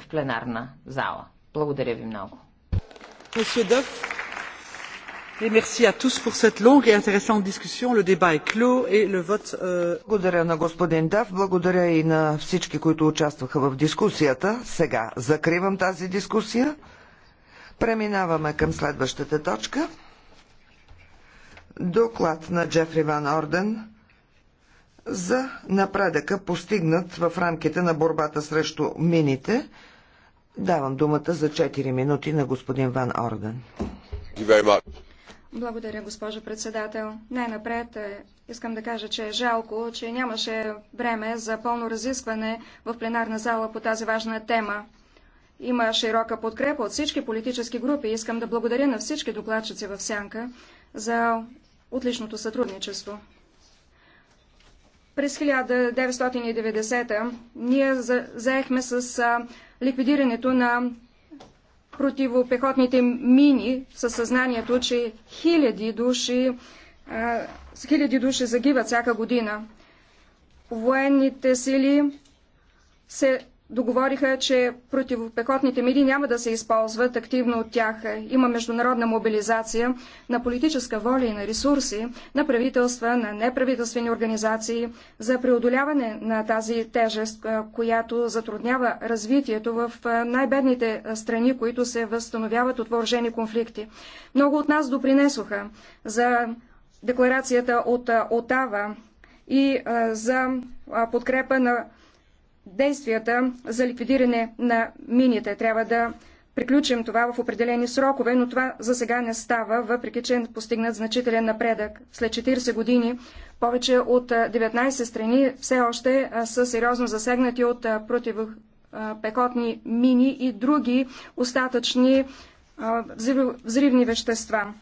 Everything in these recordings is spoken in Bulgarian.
в пленарна зала. Благодаря ви много. Благодаря на господин Дав, благодаря и на всички, които участваха в дискусията. Сега закривам тази дискусия. Преминаваме към следващата точка. Доклад на Джефри Ван Орден за напредъка постигнат в рамките на борбата срещу мините. Давам думата за 4 минути на господин Ван Орден. Благодаря, госпожо председател. Най-напред е, искам да кажа, че е жалко, че нямаше време за пълно разискване в пленарна зала по тази важна тема. Има широка подкрепа от всички политически групи. Искам да благодаря на всички докладчици в Сянка за отличното сътрудничество. През 1990 ние заехме с ликвидирането на противопехотните мини със съзнанието, че хиляди души, а, хиляди души загиват всяка година. Военните сили се договориха, че противопехотните мили няма да се използват активно от тях. Има международна мобилизация на политическа воля и на ресурси на правителства, на неправителствени организации за преодоляване на тази тежест, която затруднява развитието в най-бедните страни, които се възстановяват от въоръжени конфликти. Много от нас допринесоха за декларацията от Отава и за подкрепа на действията за ликвидиране на мините. Трябва да приключим това в определени срокове, но това за сега не става, въпреки че е постигнат значителен напредък. След 40 години повече от 19 страни все още са сериозно засегнати от противопехотни мини и други остатъчни взривни вещества.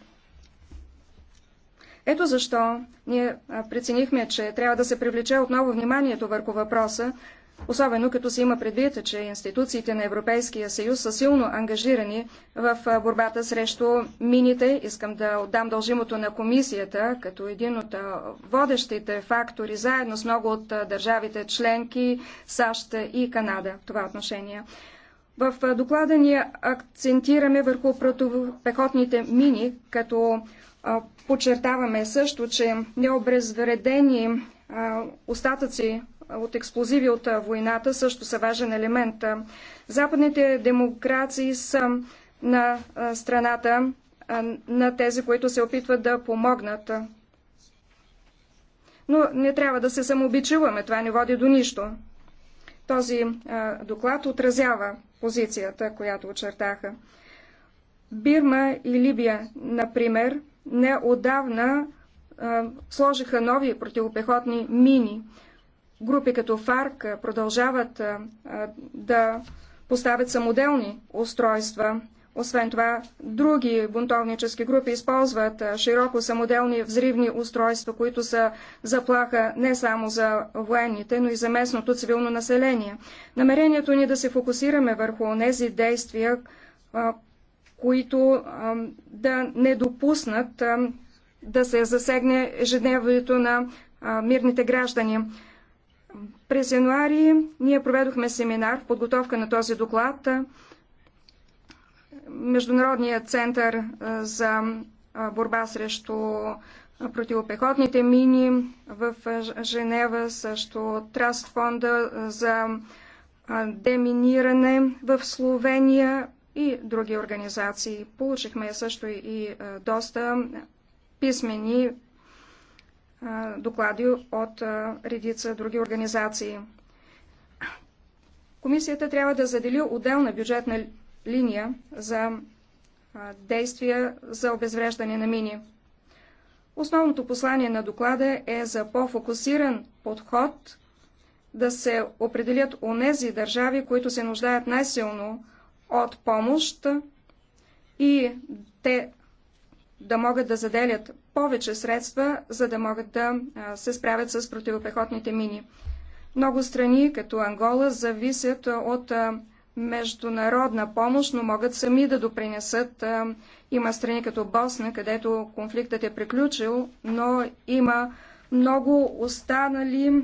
Ето защо ние преценихме, че трябва да се привлече отново вниманието върху въпроса, особено като се има предвид, че институциите на Европейския съюз са силно ангажирани в борбата срещу мините. Искам да отдам дължимото на комисията, като един от водещите фактори, заедно с много от държавите членки, САЩ и Канада в това отношение. В доклада ни акцентираме върху противопехотните мини, като подчертаваме също, че необезвредени остатъци от експлозиви от войната също са важен елемент. Западните демокрации са на страната на тези, които се опитват да помогнат. Но не трябва да се самообичуваме, това не води до нищо. Този доклад отразява позицията, която очертаха. Бирма и Либия, например, неодавна сложиха нови противопехотни мини групи като ФАРК продължават да поставят самоделни устройства. Освен това, други бунтовнически групи използват широко самоделни взривни устройства, които са заплаха не само за военните, но и за местното цивилно население. Намерението ни е да се фокусираме върху тези действия, които да не допуснат да се засегне ежедневието на мирните граждани. През януари ние проведохме семинар в подготовка на този доклад. Международният център за борба срещу противопехотните мини в Женева, също Траст фонда за деминиране в Словения и други организации. Получихме също и доста писмени доклади от редица други организации. Комисията трябва да задели отделна бюджетна линия за действия за обезвреждане на мини. Основното послание на доклада е за по-фокусиран подход да се определят онези държави, които се нуждаят най-силно от помощ и те да могат да заделят повече средства, за да могат да се справят с противопехотните мини. Много страни, като Ангола, зависят от международна помощ, но могат сами да допринесат. Има страни като Босна, където конфликтът е приключил, но има много останали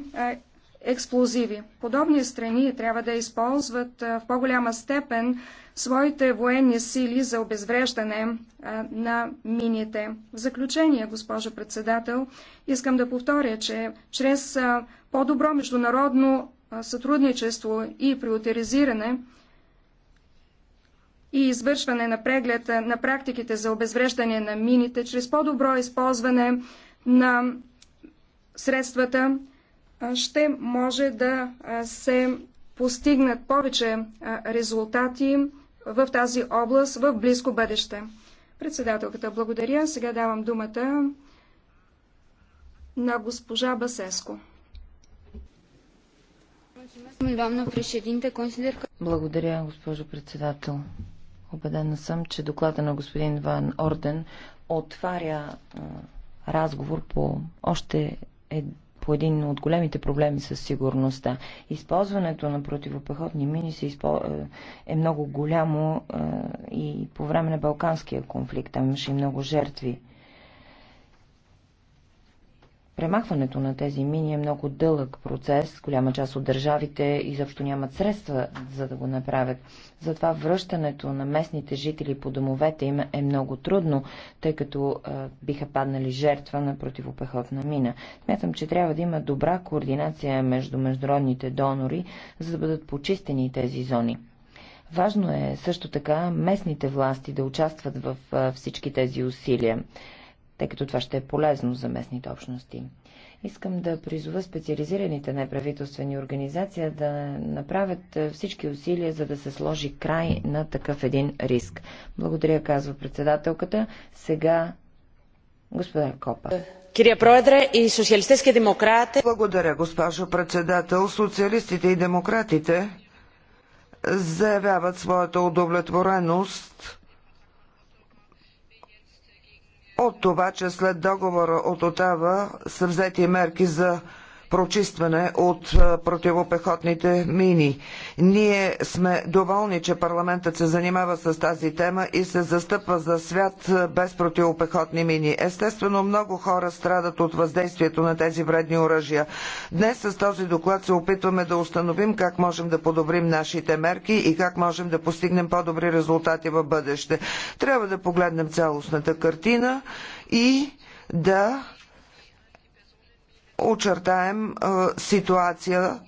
експлозиви. Подобни страни трябва да използват в по-голяма степен своите военни сили за обезвреждане на мините. В заключение, госпожо председател, искам да повторя, че чрез по-добро международно сътрудничество и приоритизиране и извършване на преглед на практиките за обезвреждане на мините, чрез по-добро използване на средствата ще може да се постигнат повече резултати в тази област в близко бъдеще. Председателката, благодаря. Сега давам думата на госпожа Басеско. Благодаря, госпожо председател. Обедена съм, че доклада на господин Ван Орден отваря разговор по още по един от големите проблеми с сигурността. Използването на противопехотни мини се изпол... Е, е много голямо е, и по време на Балканския конфликт. Там имаше и много жертви. Премахването на тези мини е много дълъг процес. Голяма част от държавите изобщо нямат средства за да го направят. Затова връщането на местните жители по домовете им е много трудно, тъй като е, биха паднали жертва на противопехотна мина. Смятам, че трябва да има добра координация между международните донори, за да бъдат почистени тези зони. Важно е също така местните власти да участват в всички тези усилия тъй като това ще е полезно за местните общности. Искам да призова специализираните неправителствени организации да направят е, всички усилия, за да се сложи край на такъв един риск. Благодаря, казва председателката. Сега господа Копа. Кирия Проедре и социалистически демократи. Благодаря, госпожо председател. Социалистите и демократите заявяват своята удовлетвореност от това, че след договора от Отава са взети мерки за прочистване от противопехотните мини. Ние сме доволни, че парламентът се занимава с тази тема и се застъпва за свят без противопехотни мини. Естествено, много хора страдат от въздействието на тези вредни оръжия. Днес с този доклад се опитваме да установим как можем да подобрим нашите мерки и как можем да постигнем по-добри резултати в бъдеще. Трябва да погледнем цялостната картина и да очертаем е, ситуация,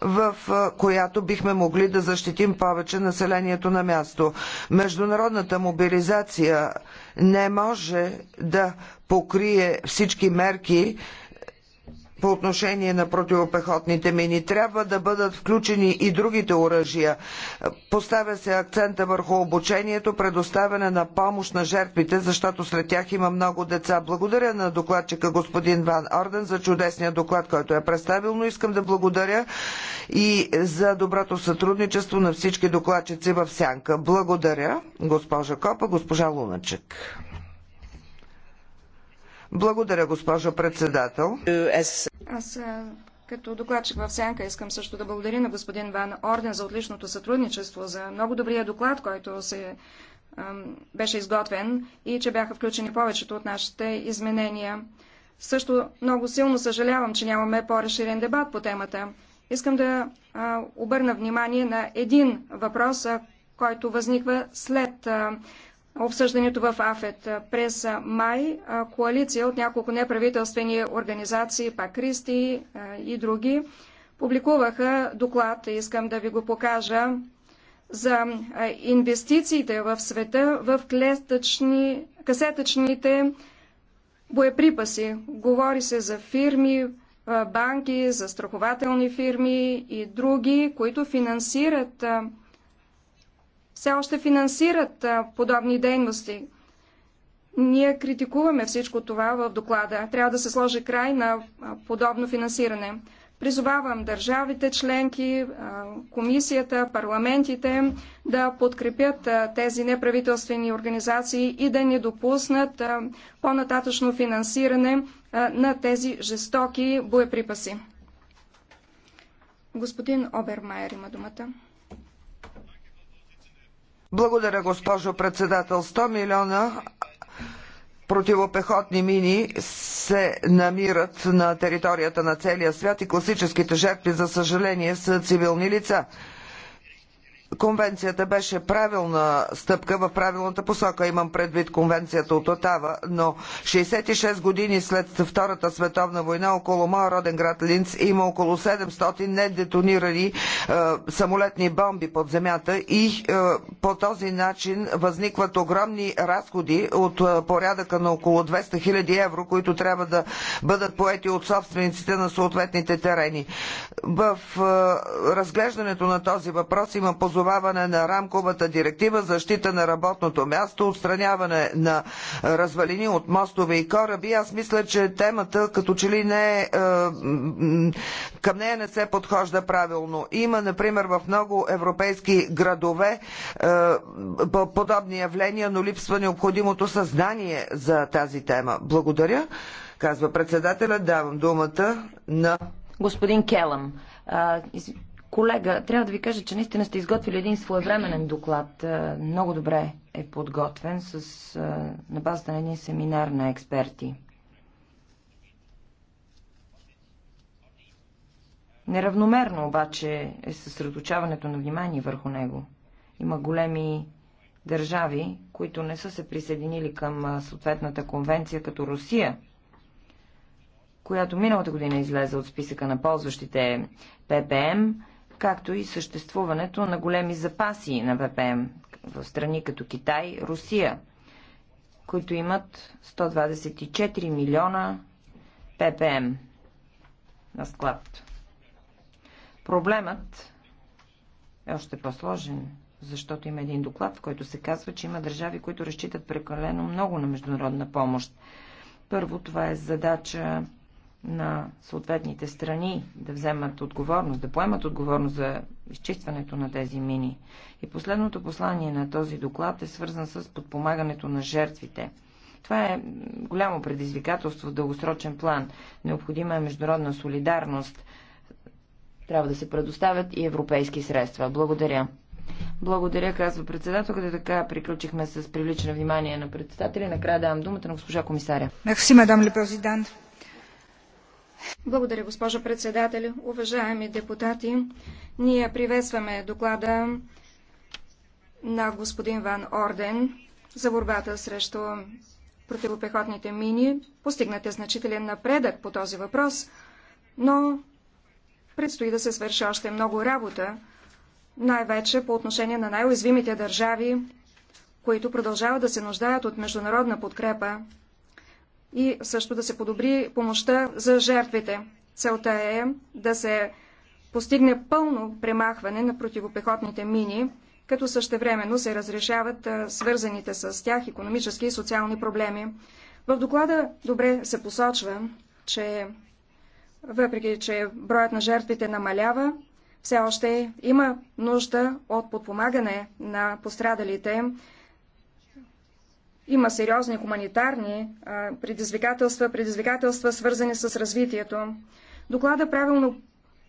в е, която бихме могли да защитим повече населението на място. Международната мобилизация не може да покрие всички мерки, по отношение на противопехотните мини. Трябва да бъдат включени и другите оръжия. Поставя се акцента върху обучението, предоставяне на помощ на жертвите, защото сред тях има много деца. Благодаря на докладчика господин Ван Орден за чудесния доклад, който е представил, но искам да благодаря и за доброто сътрудничество на всички докладчици в Сянка. Благодаря, госпожа Копа, госпожа Луначек. Благодаря, госпожо председател. Е, Аз е, като докладчик в Сянка искам също да благодаря на господин Ван Орден за отличното сътрудничество, за много добрия доклад, който се беше изготвен и че бяха включени повечето от нашите изменения. Също много силно съжалявам, че нямаме по-разширен дебат по темата. Искам да а, обърна внимание на един въпрос, а, който възниква след а, обсъждането в АФЕТ. През май коалиция от няколко неправителствени организации, Пакристи и други, публикуваха доклад, искам да ви го покажа, за инвестициите в света в клетъчни, касетъчните боеприпаси. Говори се за фирми, банки, за страхователни фирми и други, които финансират все още финансират подобни дейности. Ние критикуваме всичко това в доклада. Трябва да се сложи край на подобно финансиране. Призовавам държавите, членки, комисията, парламентите да подкрепят тези неправителствени организации и да не допуснат по-нататъчно финансиране на тези жестоки боеприпаси. Господин Обермайер има думата. Благодаря, госпожо председател. 100 милиона противопехотни мини се намират на територията на целия свят и класическите жертви, за съжаление, са цивилни лица. Конвенцията беше правилна стъпка в правилната посока. Имам предвид конвенцията от Отава, но 66 години след Втората световна война около моя роден град Линц има около 700 недетонирани е, самолетни бомби под земята и е, по този начин възникват огромни разходи от е, порядъка на около 200 хиляди евро, които трябва да бъдат поети от собствениците на съответните терени. В е, разглеждането на този въпрос има позоваване позоваване на рамковата директива, защита на работното място, отстраняване на развалини от мостове и кораби. Аз мисля, че темата като че ли не е, към нея не се подхожда правилно. Има, например, в много европейски градове е, подобни явления, но липсва необходимото съзнание за тази тема. Благодаря, казва председателя. Давам думата на господин Келъм. Колега, трябва да ви кажа, че наистина сте изготвили един своевременен доклад. Е, много добре е подготвен с, е, на базата на един семинар на експерти. Неравномерно обаче е съсредоточаването на внимание върху него. Има големи държави, които не са се присъединили към е, съответната конвенция, като Русия, която миналата година излезе от списъка на ползващите ППМ както и съществуването на големи запаси на ВПМ в страни като Китай, Русия, които имат 124 милиона ППМ на склад. Проблемът е още по-сложен, защото има един доклад, в който се казва, че има държави, които разчитат прекалено много на международна помощ. Първо, това е задача на съответните страни да вземат отговорност, да поемат отговорност за изчистването на тези мини. И последното послание на този доклад е свързан с подпомагането на жертвите. Това е голямо предизвикателство в дългосрочен план. Необходима е международна солидарност. Трябва да се предоставят и европейски средства. Благодаря. Благодаря, казва председател, като така приключихме с привличане внимание на председателя. Накрая давам думата на госпожа комисаря. Мерси, мадам ли президент. Благодаря, госпожа председател. Уважаеми депутати, ние приветстваме доклада на господин Ван Орден за борбата срещу противопехотните мини. Постигнат е значителен напредък по този въпрос, но предстои да се свърши още много работа, най-вече по отношение на най-уязвимите държави, които продължават да се нуждаят от международна подкрепа и също да се подобри помощта за жертвите. Целта е да се постигне пълно премахване на противопехотните мини, като същевременно се разрешават свързаните с тях економически и социални проблеми. В доклада добре се посочва, че въпреки, че броят на жертвите намалява, все още има нужда от подпомагане на пострадалите има сериозни хуманитарни предизвикателства, предизвикателства свързани с развитието. Доклада правилно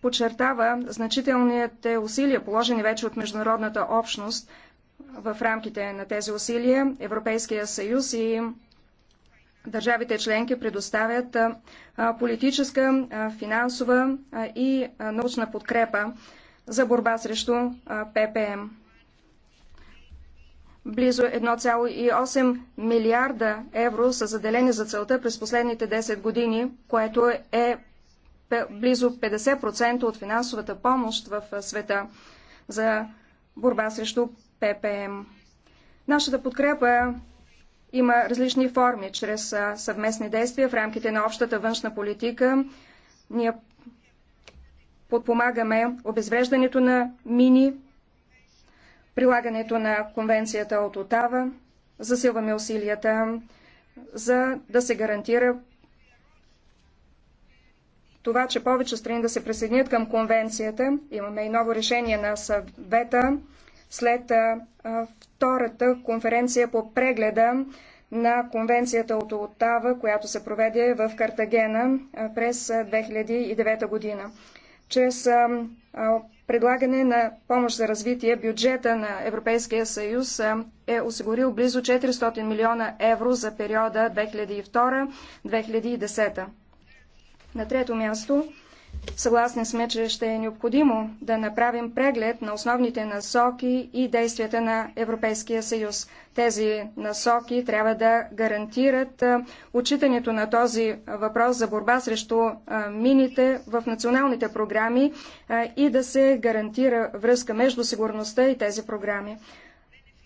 подчертава значителните усилия, положени вече от международната общност. В рамките на тези усилия Европейския съюз и държавите членки предоставят политическа, финансова и научна подкрепа за борба срещу ППМ. Близо 1,8 милиарда евро са заделени за целта през последните 10 години, което е близо 50% от финансовата помощ в света за борба срещу ППМ. Нашата подкрепа има различни форми, чрез съвместни действия в рамките на общата външна политика. Ние подпомагаме обезвреждането на мини, прилагането на конвенцията от Отава, засилваме усилията за да се гарантира това, че повече страни да се присъединят към конвенцията. Имаме и ново решение на съвета след втората конференция по прегледа на конвенцията от Отава, която се проведе в Картагена през 2009 година. Чрез предлагане на помощ за развитие, бюджета на Европейския съюз е осигурил близо 400 милиона евро за периода 2002-2010. На трето място Съгласни сме, че ще е необходимо да направим преглед на основните насоки и действията на Европейския съюз. Тези насоки трябва да гарантират отчитането на този въпрос за борба срещу мините в националните програми и да се гарантира връзка между сигурността и тези програми.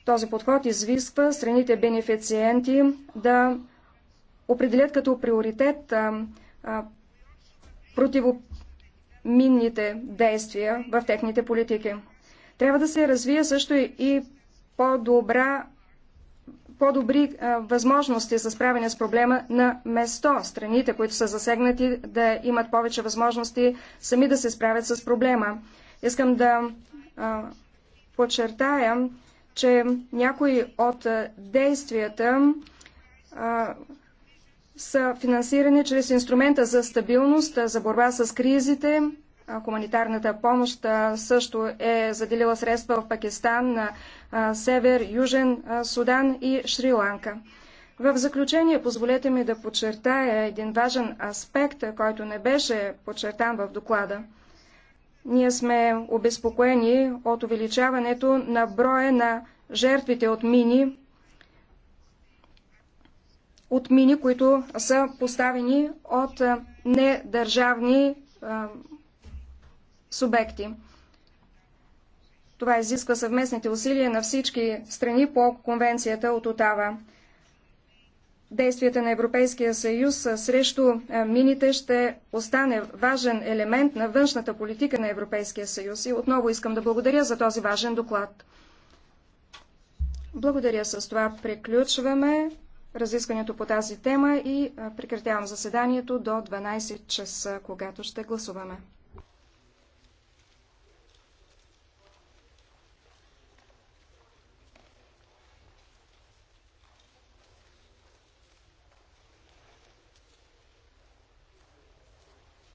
Този подход изисква страните бенефициенти да определят като приоритет противоположност минните действия в техните политики. Трябва да се развие също и по-добра по-добри възможности за справяне с проблема на место. Страните, които са засегнати, да имат повече възможности сами да се справят с проблема. Искам да а, подчертая, че някои от действията а, са финансирани чрез инструмента за стабилност, за борба с кризите. Хуманитарната помощ също е заделила средства в Пакистан, на Север, Южен Судан и Шри-Ланка. В заключение, позволете ми да подчертая един важен аспект, който не беше подчертан в доклада. Ние сме обезпокоени от увеличаването на броя на жертвите от мини от мини, които са поставени от недържавни субекти. Това изисква съвместните усилия на всички страни по конвенцията от Отава. Действията на Европейския съюз срещу мините ще остане важен елемент на външната политика на Европейския съюз. И отново искам да благодаря за този важен доклад. Благодаря с това. Приключваме разискването по тази тема и прекратявам заседанието до 12 часа, когато ще гласуваме.